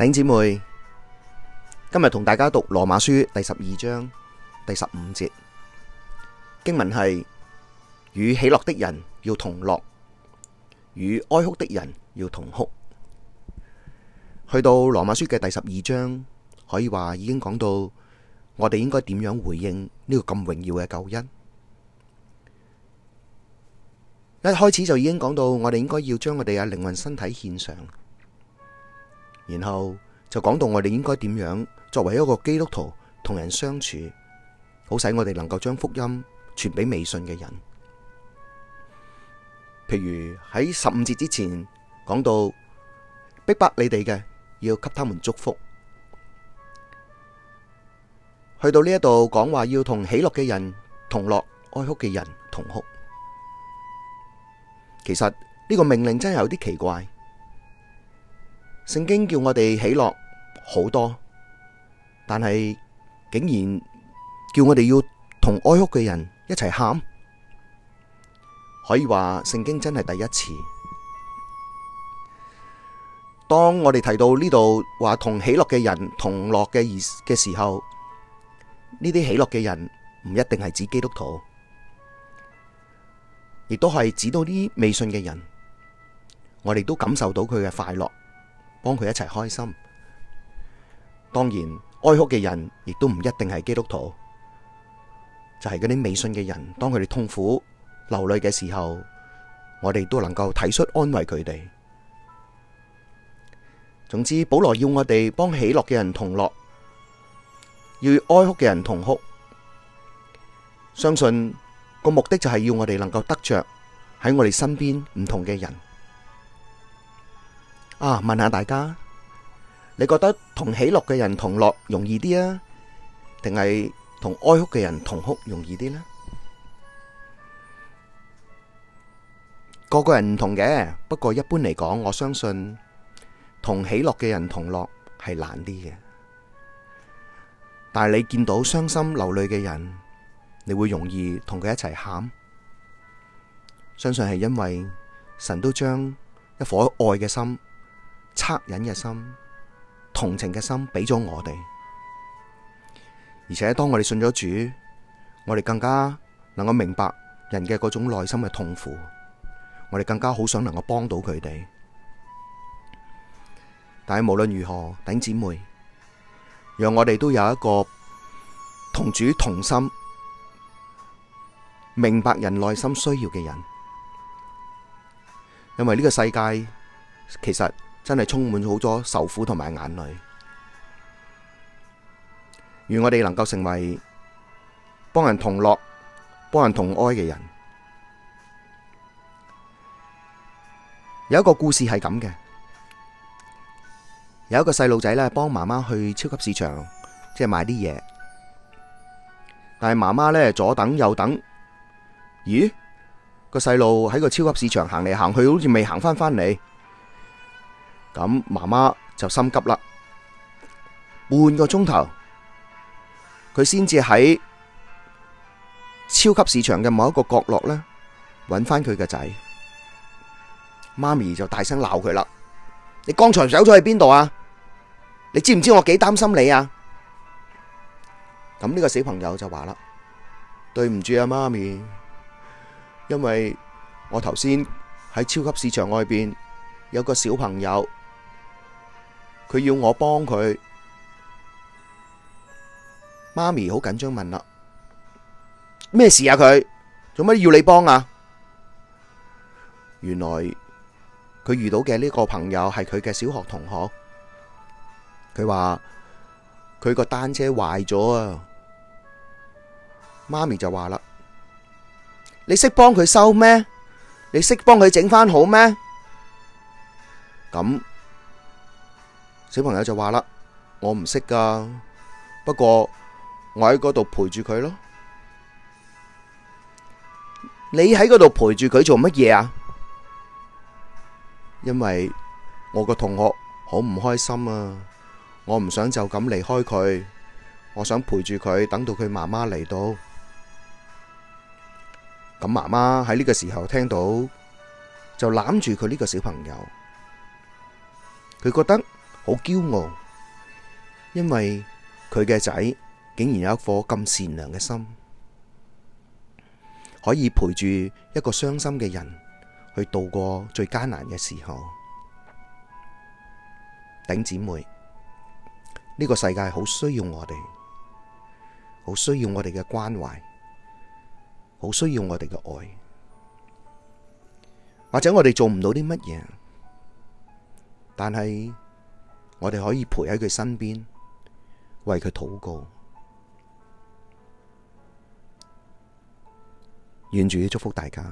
弟兄姊妹，今日同大家讀羅馬書第十二章第十五節經文係：與喜樂的人要同樂，與哀哭的人要同哭。去到羅馬書嘅第十二章，可以話已經講到我哋應該點樣回應呢個咁榮耀嘅救恩。一開始就已經講到，我哋應該要將我哋嘅靈魂、身體獻上。然後就講到我哋應該點樣作為一個基督徒同人相處，好使我哋能夠將福音傳俾未信嘅人。譬如喺十五節之前講到，逼迫你哋嘅要給他們祝福。去到呢一度講話要同喜樂嘅人同樂，哀哭嘅人同哭。其實呢個命令真係有啲奇怪。聖經叫我哋喜樂好多，但係竟然叫我哋要同哀哭嘅人一齊喊，可以話聖經真係第一次。當我哋提到呢度話同喜樂嘅人同樂嘅意嘅時候，呢啲喜樂嘅人唔一定係指基督徒，亦都係指到啲未信嘅人，我哋都感受到佢嘅快樂。幫佢一齊開心。當然，哀哭嘅人亦都唔一定係基督徒，就係嗰啲未信嘅人。當佢哋痛苦、流淚嘅時候，我哋都能夠體恤安慰佢哋。總之，保羅要我哋幫喜樂嘅人同樂，要，要哀哭嘅人同哭。相信個目的就係要我哋能夠得着喺我哋身邊唔同嘅人。啊！問下大家，你覺得同喜樂嘅人同樂容易啲啊，定係同哀哭嘅人同哭容易啲呢？個個人唔同嘅，不過一般嚟講，我相信同喜樂嘅人同樂係難啲嘅。但係你見到傷心流淚嘅人，你會容易同佢一齊喊。相信係因為神都將一顆愛嘅心。惻隱嘅心，同情嘅心俾咗我哋，而且當我哋信咗主，我哋更加能夠明白人嘅嗰種內心嘅痛苦，我哋更加好想能夠幫到佢哋。但係無論如何，頂姊妹，讓我哋都有一個同主同心、明白人內心需要嘅人，因為呢個世界其實。真係充滿好多愁苦同埋眼淚，願我哋能夠成為幫人同樂、幫人同哀嘅人。有一個故事係咁嘅，有一個細路仔咧幫媽媽去超級市場，即係買啲嘢，但係媽媽咧左等右等，咦？個細路喺個超級市場行嚟行去，好，好似未行翻返嚟。咁媽媽就心急啦，半個鐘頭佢先至喺超級市場嘅某一個角落咧，揾翻佢嘅仔，媽咪就大聲鬧佢啦！你剛才走咗去邊度啊？你知唔知我幾擔心你啊？咁呢個小朋友就話啦：對唔住啊，媽咪，因為我頭先喺超級市場外邊有個小朋友。佢要我幫佢，媽咪好緊張問啦，咩事啊？佢做乜要你幫啊？原來佢遇到嘅呢個朋友係佢嘅小學同學，佢話佢個單車壞咗啊！媽咪就話啦，你識幫佢修咩？你識幫佢整翻好咩？咁。小朋友就話啦，我唔識噶，不過我喺嗰度陪住佢咯。你喺嗰度陪住佢做乜嘢啊？因為我個同學好唔開心啊，我唔想就咁離開佢，我想陪住佢，等到佢媽媽嚟到。咁媽媽喺呢個時候聽到，就攬住佢呢個小朋友，佢覺得。好驕傲，因為佢嘅仔竟然有一顆咁善良嘅心，可以陪住一個傷心嘅人去度過最艱難嘅時候。頂姊妹，呢個世界好需要我哋，好需要我哋嘅關懷，好需要我哋嘅愛。或者我哋做唔到啲乜嘢，但係。我哋可以陪喺佢身邊，為佢禱告，願主祝福大家。